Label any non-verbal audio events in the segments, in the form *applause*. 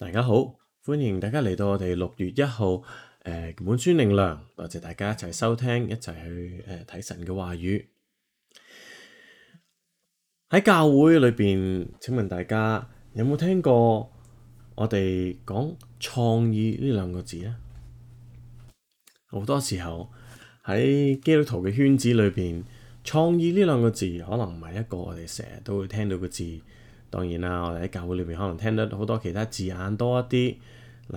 大家好，歡迎大家嚟到我哋六月一號，誒、呃，本宣靈糧，多謝大家一齊收聽，一齊去誒睇、呃、神嘅話語。喺教會裏邊，請問大家有冇聽過我哋講創意呢兩個字咧？好多時候喺基督徒嘅圈子裏邊，創意呢兩個字可能唔係一個我哋成日都會聽到嘅字。當然啦，我哋喺教會裏面可能聽得好多其他字眼多一啲，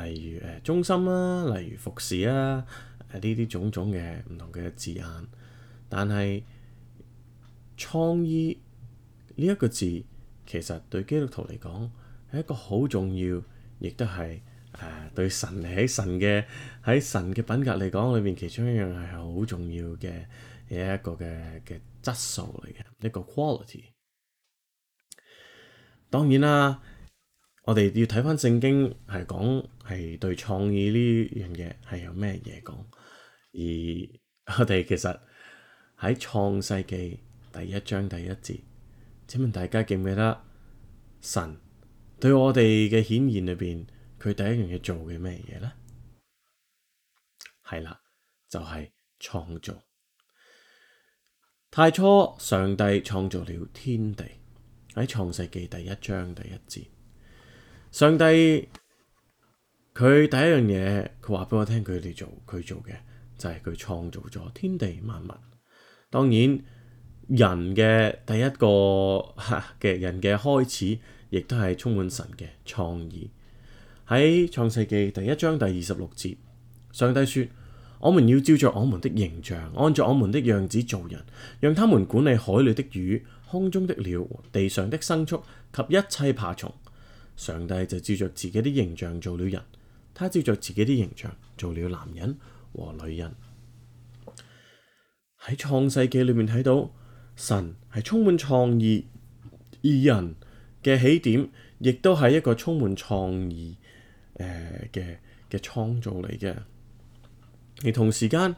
例如誒忠心啦、啊，例如服侍啦、啊，誒呢啲種種嘅唔同嘅字眼。但係創意呢一個字，其實對基督徒嚟講係一個好重要，亦都係誒對神嚟喺神嘅喺神嘅品格嚟講裏面其中一樣係好重要嘅嘅一個嘅嘅質素嚟嘅一個 quality。當然啦，我哋要睇翻聖經係講係對創意呢樣嘢係有咩嘢講。而我哋其實喺《創世記》第一章第一節，請問大家記唔記得神對我哋嘅顯現裏邊，佢第一樣嘢做嘅咩嘢咧？係啦，就係創造。太初，上帝創造了天地。喺《創世記》第一章第一節，上帝佢第一樣嘢，佢話俾我聽，佢哋做佢做嘅就係、是、佢創造咗天地萬物。當然，人嘅第一個嘅人嘅開始，亦都係充滿神嘅創意。喺《創世記》第一章第二十六節，上帝說：我們要照着我們的形象，按照我們的樣子做人，讓他們管理海裏的魚。空中的鳥、地上的牲畜及一切爬蟲，上帝就照着自己的形象做了人。他照着自己的形象做了男人和女人。喺創世紀裏面睇到，神係充滿創意，而人嘅起點，亦都係一個充滿創意誒嘅嘅創造嚟嘅。而同時間，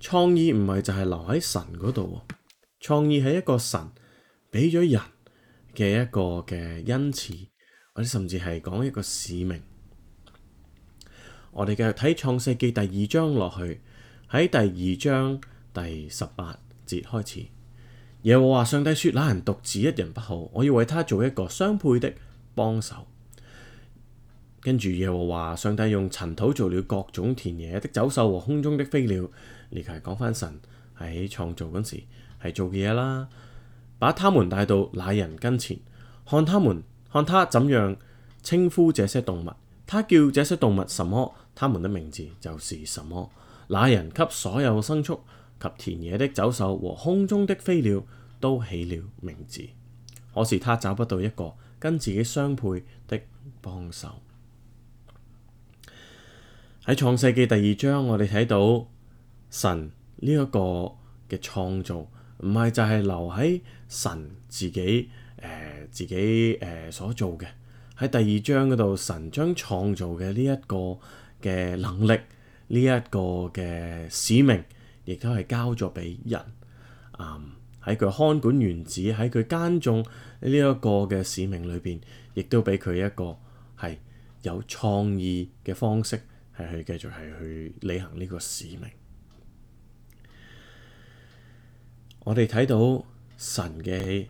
創意唔係就係留喺神嗰度，創意係一個神，俾咗人嘅一個嘅恩賜，或者甚至係講一個使命。我哋繼續睇創世記第二章落去，喺第二章第十八節開始，耶和華上帝說：那人獨自一人不好，我要為他做一個相配的幫手。跟住耶和華上帝用塵土做了各種田野的走獸和空中的飛鳥，呢個係講翻神喺創造嗰時係做嘅嘢啦。把他們帶到那人跟前，看他們看他怎樣稱呼這些動物，他叫這些動物什麼，他們的名字就是什麼。那人給所有牲畜及田野的走獸和空中的飛鳥都起了名字，可是他找不到一個跟自己相配的幫手。喺創世紀第二章，我哋睇到神呢一個嘅創造。唔係就係、是、留喺神自己誒、呃、自己誒、呃、所做嘅。喺第二章嗰度，神將創造嘅呢一個嘅能力，呢一個嘅使命，亦都係交咗俾人。喺、嗯、佢看管園子，喺佢耕種呢一個嘅使命裏邊，亦都俾佢一個係有創意嘅方式，係去繼續係去履行呢個使命。我哋睇到神嘅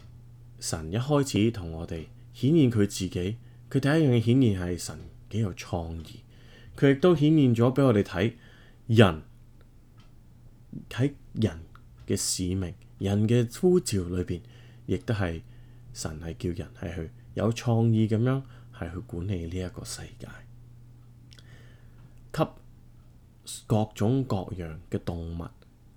神一開始同我哋顯現佢自己，佢第一樣嘢顯現係神幾有創意，佢亦都顯現咗俾我哋睇人喺人嘅使命、人嘅呼召裏邊亦都係神係叫人係去有創意咁樣，係去管理呢一個世界，給各種各樣嘅動物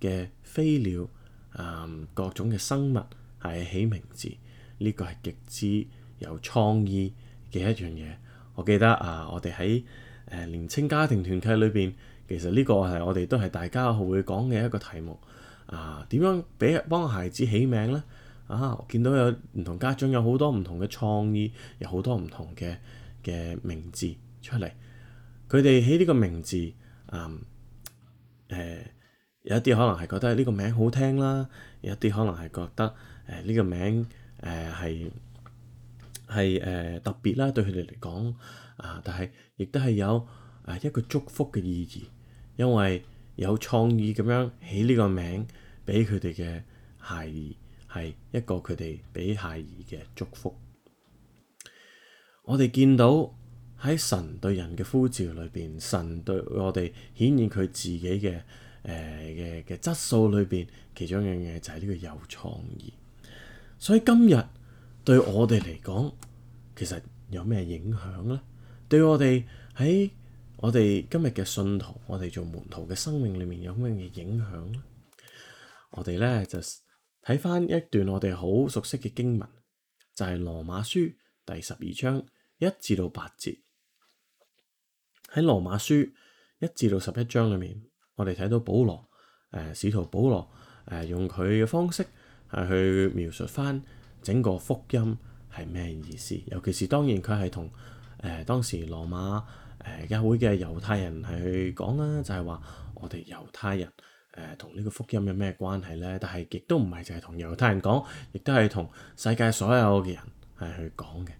嘅飛鳥。誒各種嘅生物係起名字，呢個係極之有創意嘅一樣嘢。我記得啊，我哋喺誒年青家庭團契裏邊，其實呢個係我哋都係大家會講嘅一個題目。啊，點樣俾幫孩子起名呢？啊，我見到有唔同家長有好多唔同嘅創意，有好多唔同嘅嘅名字出嚟。佢哋起呢個名字，誒、嗯。呃有啲可能係覺得呢個名好聽啦，有啲可能係覺得誒呢、呃呢個名誒係係誒特別啦，對佢哋嚟講啊，但係亦都係有誒、呃、一個祝福嘅意義，因為有創意咁樣起呢個名，俾佢哋嘅孩兒係一個佢哋俾孩兒嘅祝福。我哋見到喺神對人嘅呼召裏邊，神對我哋顯現佢自己嘅。誒嘅嘅質素裏邊，其中一樣嘢就係呢個有創意。所以今日對我哋嚟講，其實有咩影響呢？對我哋喺我哋今日嘅信徒、我哋做門徒嘅生命裏面有咩嘅影響呢？我哋咧就睇翻一段我哋好熟悉嘅經文，就係、是《羅馬書》第十二章一至到八節。喺《羅馬書》一至到十一章裏面。我哋睇到保羅，誒、呃，使徒保羅，誒、呃，用佢嘅方式係、呃、去描述返整個福音係咩意思，尤其是當然佢係同誒、呃、當時羅馬誒教、呃、會嘅猶太人係去講啦，就係、是、話我哋猶太人誒、呃、同呢個福音有咩關係咧？但係亦都唔係淨係同猶太人講，亦都係同世界所有嘅人係去講嘅。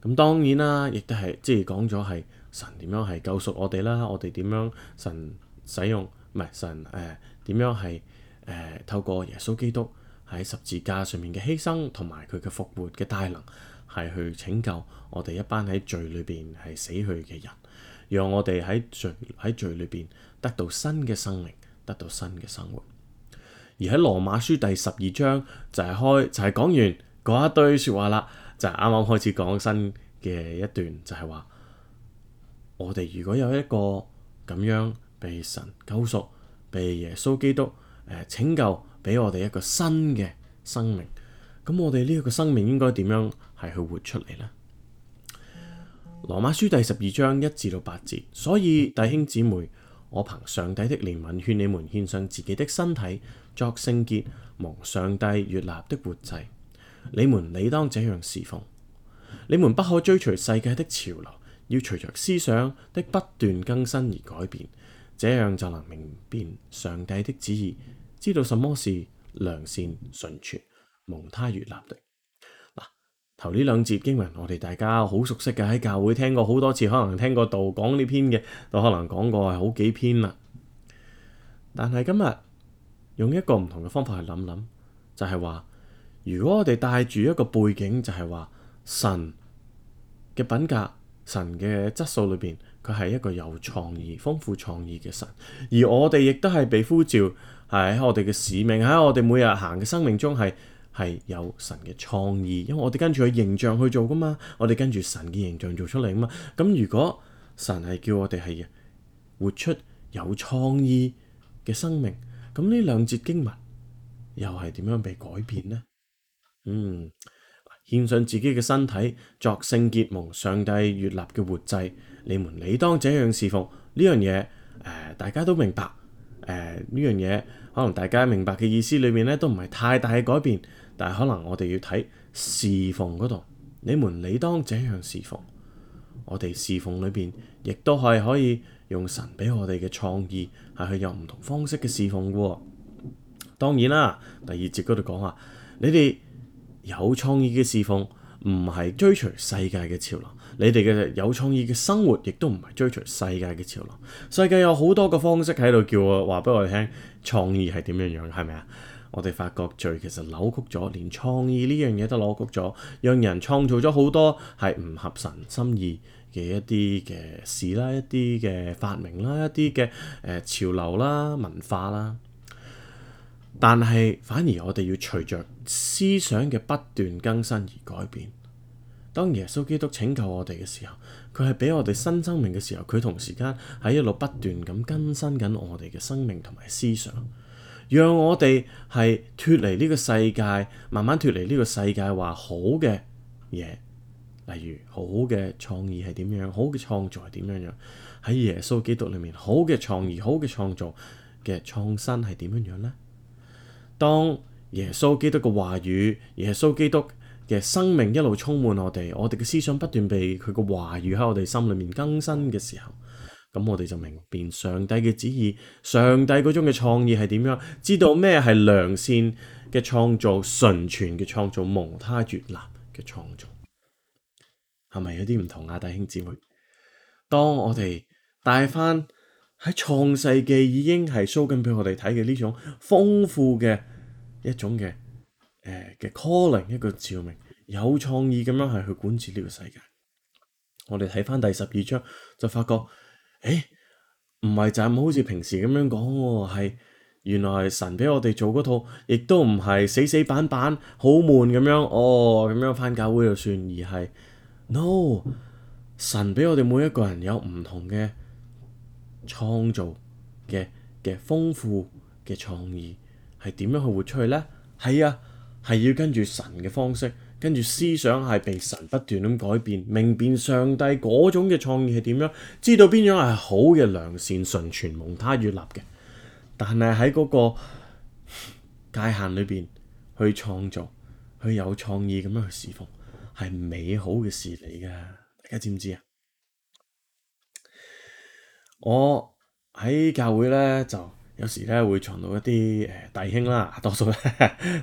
咁、嗯、當然啦，亦都係即係講咗係。神點樣係救贖我哋啦？我哋點樣神使用唔係神誒點、呃、樣係誒、呃、透過耶穌基督喺十字架上面嘅犧牲，同埋佢嘅復活嘅大能，係去拯救我哋一班喺罪裏邊係死去嘅人，讓我哋喺罪喺罪裏邊得到新嘅生命，得到新嘅生活。而喺《羅馬書》第十二章就係、是、開就係、是、講完嗰一堆説話啦，就係啱啱開始講新嘅一段，就係、是、話。我哋如果有一個咁樣被神救贖、被耶穌基督誒、呃、拯救，俾我哋一個新嘅生命，咁我哋呢一個生命應該點樣係去活出嚟呢？羅馬書第十二章一至到八節，所以弟兄姊妹，我憑上帝的憐憫勸你們獻上自己的身體作聖潔、蒙上帝悅納的活祭，你們理當這樣侍奉。你們不可追隨世界的潮流。要隨着思想的不斷更新而改變，這樣就能明辨上帝的旨意，知道什麼是良善、純全，蒙他悅納的。的嗱。頭呢兩節經文，我哋大家好熟悉嘅，喺教會聽過好多次，可能聽過道講呢篇嘅，都可能講過好幾篇啦。但係今日用一個唔同嘅方法去諗諗，就係話，如果我哋帶住一個背景，就係話神嘅品格。神嘅質素裏邊，佢係一個有創意、豐富創意嘅神，而我哋亦都係被呼召，係喺我哋嘅使命，喺我哋每日行嘅生命中係係有神嘅創意，因為我哋跟住佢形象去做㗎嘛，我哋跟住神嘅形象做出嚟啊嘛。咁如果神係叫我哋係活出有創意嘅生命，咁呢兩節經文又係點樣被改變呢？嗯。獻上自己嘅身體作聖潔蒙上帝悦納嘅活祭，你們理當這樣侍奉呢樣嘢。誒、呃，大家都明白。誒、呃，呢樣嘢可能大家明白嘅意思裏面咧，都唔係太大嘅改變，但係可能我哋要睇侍奉嗰度，你們理當這樣侍奉。我哋侍奉裏邊亦都係可以用神俾我哋嘅創意係去有唔同方式嘅侍奉。當然啦，第二節嗰度講啊，你哋。有創意嘅侍奉唔係追隨世界嘅潮流。你哋嘅有創意嘅生活，亦都唔係追隨世界嘅潮流。世界有好多個方式喺度叫我話俾我哋聽，創意係點樣樣，係咪啊？我哋發覺罪其實扭曲咗，連創意呢樣嘢都扭曲咗，讓人創造咗好多係唔合神心意嘅一啲嘅事啦，一啲嘅發明啦，一啲嘅誒潮流啦，文化啦。但係，反而我哋要隨着思想嘅不斷更新而改變。當耶穌基督拯救我哋嘅時候，佢係俾我哋新生命嘅時候，佢同時間喺一路不斷咁更新緊我哋嘅生命同埋思想，讓我哋係脱離呢個世界，慢慢脱離呢個世界。話好嘅嘢，例如好嘅創意係點樣，好嘅創造係點樣樣？喺耶穌基督裏面，好嘅創意、好嘅創造嘅創新係點樣樣呢？當耶穌基督嘅話語、耶穌基督嘅生命一路充滿我哋，我哋嘅思想不斷被佢嘅話語喺我哋心裏面更新嘅時候，咁我哋就明辨上帝嘅旨意，上帝嗰種嘅創意係點樣，知道咩係良善嘅創造、純全嘅創造、蒙他悦納嘅創造，係咪有啲唔同啊？弟兄姊妹，當我哋帶翻喺創世紀已經係 show 緊俾我哋睇嘅呢種豐富嘅。一種嘅誒嘅 calling，一個照明，有創意咁樣係去管治呢個世界。我哋睇翻第十二章就發覺，誒唔係就咁好似平時咁樣講，係原來神畀我哋做嗰套，亦都唔係死死板板好悶咁樣哦，咁樣翻教會就算，而係 no，神畀我哋每一個人有唔同嘅創造嘅嘅豐富嘅創意。係點樣去活出去呢？係啊，係要跟住神嘅方式，跟住思想係被神不斷咁改變，明辨上帝嗰種嘅創意係點樣，知道邊樣係好嘅良善純全蒙他悅納嘅。但係喺嗰個界限裏邊去創作，去有創意咁樣去侍奉，係美好嘅事嚟噶。大家知唔知啊？我喺教會咧就。有時呢會撞到一啲誒弟兄啦，多數呢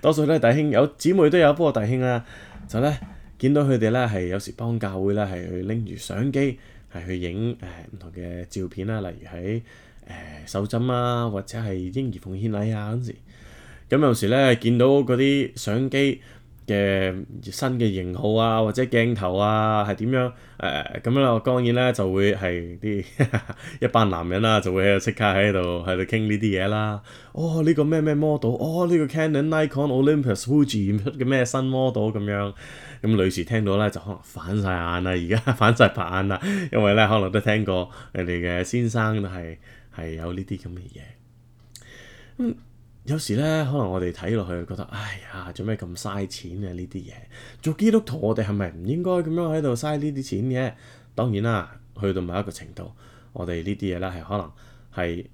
多數都係弟兄有姊妹都有，不過弟兄啦就呢見到佢哋呢係有時幫教會呢係去拎住相機係去影誒唔同嘅照片啦，例如喺誒、呃、手針啊或者係嬰兒奉獻禮啊嗰陣時，咁有時呢見到嗰啲相機嘅新嘅型號啊，或者鏡頭啊，係點樣？誒、呃、咁樣啦，我當然咧就會係啲 *laughs* 一班男人啦，就會喺度即刻喺度喺度傾呢啲嘢啦。哦，呢、呢個咩咩 model？哦，呢、呢個 Canon Nik、Nikon、Olympus、Fuji 出嘅咩新 model 咁樣。咁女士聽到咧就可能反晒眼啦，而家反晒白眼啦，因為咧可能都聽過你哋嘅先生係係有呢啲咁嘅嘢。嗯有時咧，可能我哋睇落去覺得，哎呀，做咩咁嘥錢啊，呢啲嘢？做基督徒，我哋係咪唔應該咁樣喺度嘥呢啲錢嘅？當然啦，去到某一個程度，我哋呢啲嘢咧係可能係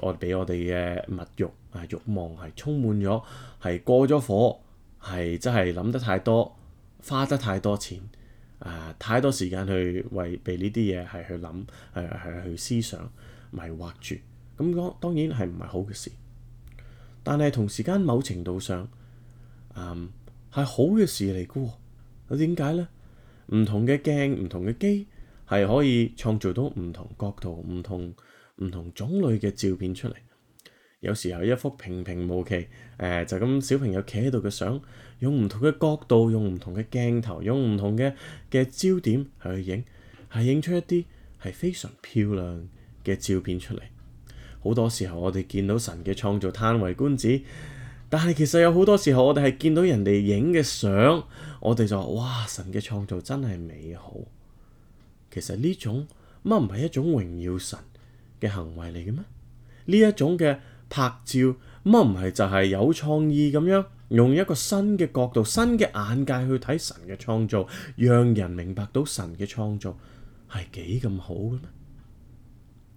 我俾我哋嘅物欲、啊慾望係充滿咗，係過咗火，係真係諗得太多，花得太多錢，啊、呃、太多時間去為被呢啲嘢係去諗，係係去思想迷惑住。咁講當然係唔係好嘅事。但係同時間某程度上，嗯係好嘅事嚟噶喎。點解咧？唔同嘅鏡、唔同嘅機，係可以創造到唔同角度、唔同唔同種類嘅照片出嚟。有時候一幅平平無奇，誒、呃、就咁小朋友企喺度嘅相，用唔同嘅角度、用唔同嘅鏡頭、用唔同嘅嘅焦點去影，係影出一啲係非常漂亮嘅照片出嚟。好多時候我哋見到神嘅創造，嘆為觀止。但係其實有好多時候，我哋係見到人哋影嘅相，我哋就話：哇！神嘅創造真係美好。其實呢種乜唔係一種榮耀神嘅行為嚟嘅咩？呢一種嘅拍照，乜唔係就係有創意咁樣，用一個新嘅角度、新嘅眼界去睇神嘅創造，讓人明白到神嘅創造係幾咁好嘅咩？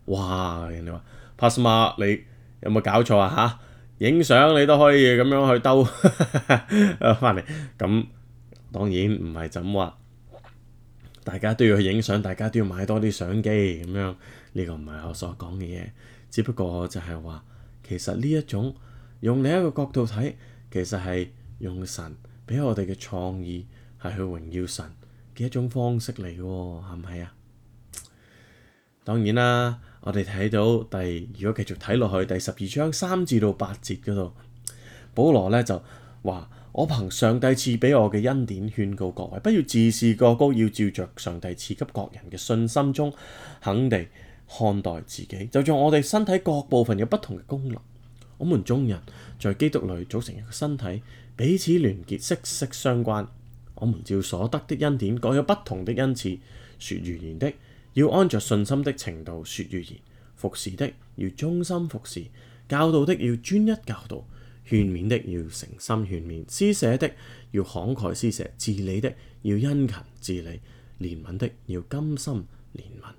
哇！人哋話。阿斯馬，你有冇搞錯啊？嚇、啊，影相你都可以咁樣去兜翻嚟，咁當然唔係怎話，大家都要去影相，大家都要買多啲相機咁樣，呢、這個唔係我所講嘅嘢，只不過就係話，其實呢一種用另一個角度睇，其實係用神俾我哋嘅創意係去榮耀神嘅一種方式嚟嘅喎，係咪啊？當然啦。我哋睇到第，如果繼續睇落去，第十二章三至到八節嗰度，保羅咧就話：我憑上帝賜俾我嘅恩典，勸告各位，不要自視過高，要照着上帝賜給各人嘅信心中，肯定看待自己。就像我哋身體各部分有不同嘅功能，我們眾人在基督裏組成一個身體，彼此聯結，息息相關。我們照所得的恩典，各有不同的恩賜，説預言的，要按着信心的程度，說預言，服侍的要忠心服侍，教導的要專一教導，勸勉的要誠心勸勉，施捨的要慷慨施捨，治理的要殷勤治理，憐憫的要甘心憐憫。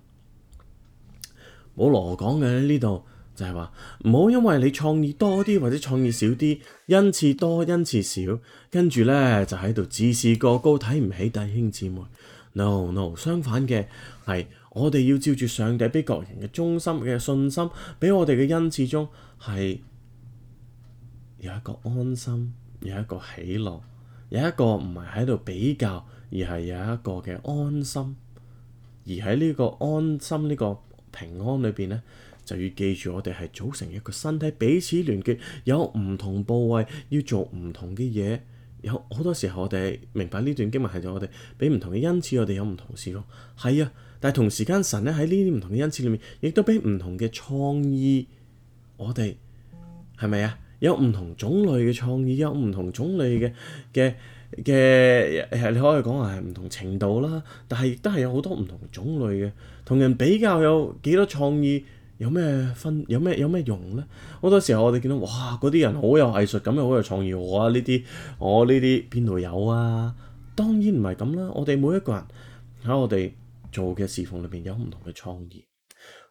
保羅講嘅呢度就係話，唔好因為你創意多啲或者創意少啲，恩賜多恩賜少，跟住咧就喺度自視過高，睇唔起弟兄姊妹。No no，相反嘅係。我哋要照住上帝俾各人嘅忠心嘅信心，俾我哋嘅恩賜中，係有一個安心，有一個喜樂，有一個唔係喺度比較，而係有一個嘅安心。而喺呢個安心呢個平安裏邊咧，就要記住我哋係組成一個身體彼此聯結，有唔同部位要做唔同嘅嘢。有好多時候，我哋明白呢段經文係就我哋俾唔同嘅恩賜，我哋有唔同事咯。係啊，但係同時間神咧喺呢啲唔同嘅恩賜裏面，亦都俾唔同嘅創意我哋係咪啊？有唔同種類嘅創意，有唔同種類嘅嘅嘅你可以講話係唔同程度啦。但係亦都係有好多唔同種類嘅同人比較有幾多創意。有咩分？有咩有咩用咧？好多時候我哋見到哇，嗰啲人好有藝術感，好有，有創意。我呢、啊、啲我呢啲邊度有啊？當然唔係咁啦。我哋每一個人喺我哋做嘅侍奉裏邊有唔同嘅創意。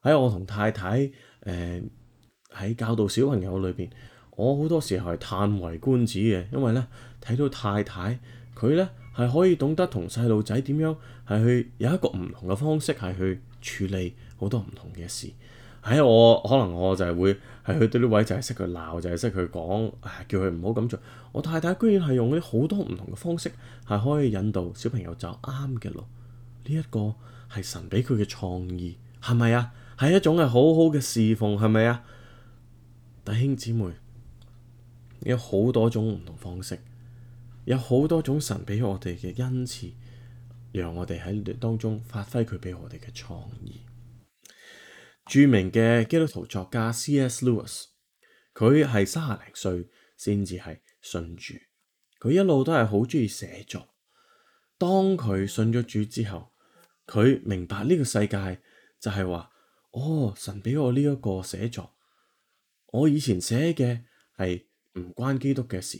喺我同太太誒喺、呃、教導小朋友裏邊，我好多時候係歎為觀止嘅，因為咧睇到太太佢咧係可以懂得同細路仔點樣係去有一個唔同嘅方式係去處理好多唔同嘅事。喺、哎、我可能我就係會係去對呢位就係識佢鬧就係識佢講，叫佢唔好咁做。我太太居然係用啲好多唔同嘅方式係可以引導小朋友就啱嘅咯。呢、這、一個係神俾佢嘅創意係咪啊？係一種係好好嘅侍奉係咪啊？弟兄姊妹，有好多種唔同方式，有好多種神俾我哋嘅恩賜，讓我哋喺當中發揮佢俾我哋嘅創意。著名嘅基督徒作家 C.S. Lewis，佢係三十零歲先至係信主，佢一路都係好中意寫作。當佢信咗主之後，佢明白呢個世界就係話，哦，神俾我呢一個寫作，我以前寫嘅係唔關基督嘅事，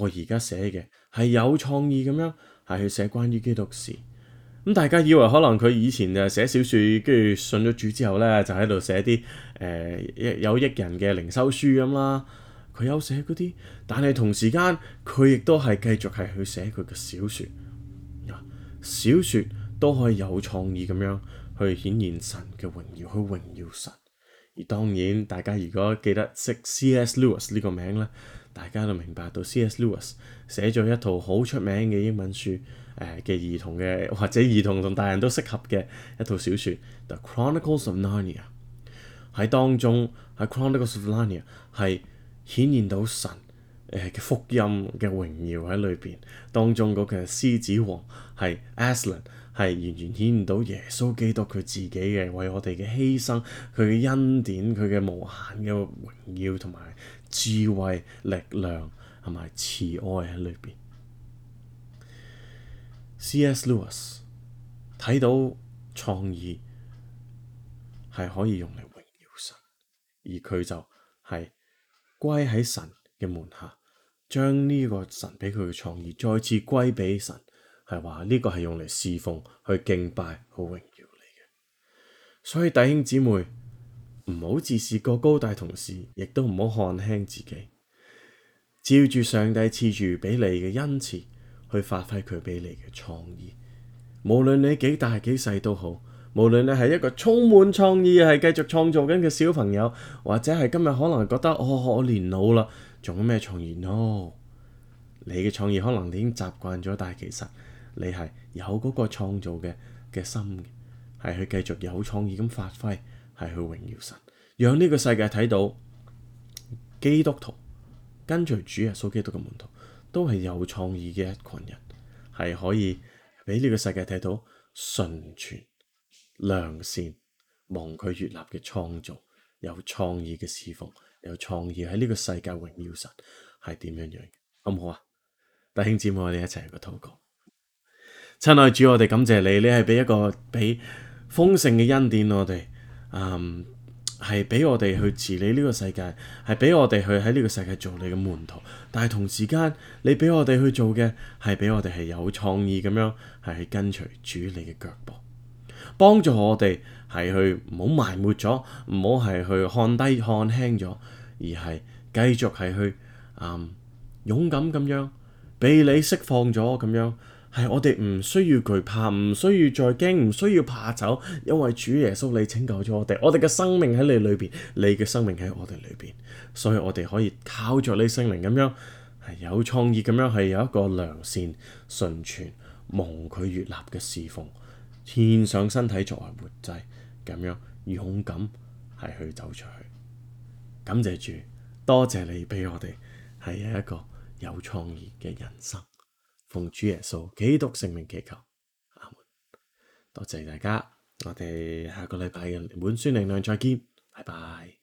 我而家寫嘅係有創意咁樣，係去寫關於基督嘅事。咁大家以為可能佢以前就寫小説，跟住信咗主之後咧，就喺度寫啲誒有益人嘅靈修書咁啦。佢有寫嗰啲，但係同時間佢亦都係繼續係去寫佢嘅小説。啊，小説都可以有創意咁樣去顯現神嘅榮耀，去榮耀神。而當然，大家如果記得識 C.S. Lewis 呢個名咧，大家都明白到 C.S. Lewis 寫咗一套好出名嘅英文書。誒嘅兒童嘅或者兒童同大人都適合嘅一套小説，《The Chronicles of Narnia》喺當中，《喺 Chronicles of Narnia》係顯現到神誒嘅福音嘅榮耀喺裏邊，當中嗰個獅子王係 Aslan 係完全顯現到耶穌基督佢自己嘅為我哋嘅犧牲，佢嘅恩典，佢嘅無限嘅榮耀同埋智慧、力量同埋慈愛喺裏邊。C.S. Lewis 睇到創意係可以用嚟榮耀神，而佢就係歸喺神嘅門下，將呢個神俾佢嘅創意再次歸畀神，係話呢個係用嚟侍奉、去敬拜、去榮耀你嘅。所以弟兄姊妹唔好自視過高大同事，亦都唔好看輕自己，照住上帝賜住俾你嘅恩賜。去發揮佢俾你嘅創意，無論你幾大幾細都好，無論你係一個充滿創意、係繼續創造緊嘅小朋友，或者係今日可能覺得哦，我年老啦，仲有咩創意呢？No，你嘅創意可能你已經習慣咗，但係其實你係有嗰個創造嘅嘅心嘅，係去繼續有創意咁發揮，係去榮耀神，讓呢個世界睇到基督徒跟隨主耶穌基督嘅門徒。都係有創意嘅一群人，係可以俾呢個世界睇到純全、良善、望佢悦納嘅創造，有創意嘅侍奉，有創意喺呢個世界榮耀神，係點樣樣？好唔好啊？弟兄姊妹，我哋一齊去個禱告。親愛主，我哋感謝你，你係俾一個俾豐盛嘅恩典我哋。嗯、um,。係俾我哋去治理呢個世界，係俾我哋去喺呢個世界做你嘅門徒，但係同時間你俾我哋去做嘅係俾我哋係有創意咁樣係去跟隨主你嘅腳步，幫助我哋係去唔好埋沒咗，唔好係去看低看輕咗，而係繼續係去、嗯、勇敢咁樣被你釋放咗咁樣。係我哋唔需要懼怕，唔需要再驚，唔需要怕走，因為主耶穌你拯救咗我哋，我哋嘅生命喺你裏邊，你嘅生命喺我哋裏邊，所以我哋可以靠著你生命咁樣係有創意咁樣係有一個良善、純全、蒙佢悅納嘅侍奉，獻上身體作為活祭，咁樣勇敢係去走出去。感謝主，多謝你俾我哋係一個有創意嘅人生。奉主耶穌基督聖名祈求，阿門！多謝大家，我哋下個禮拜嘅本宣靈糧再見，拜拜。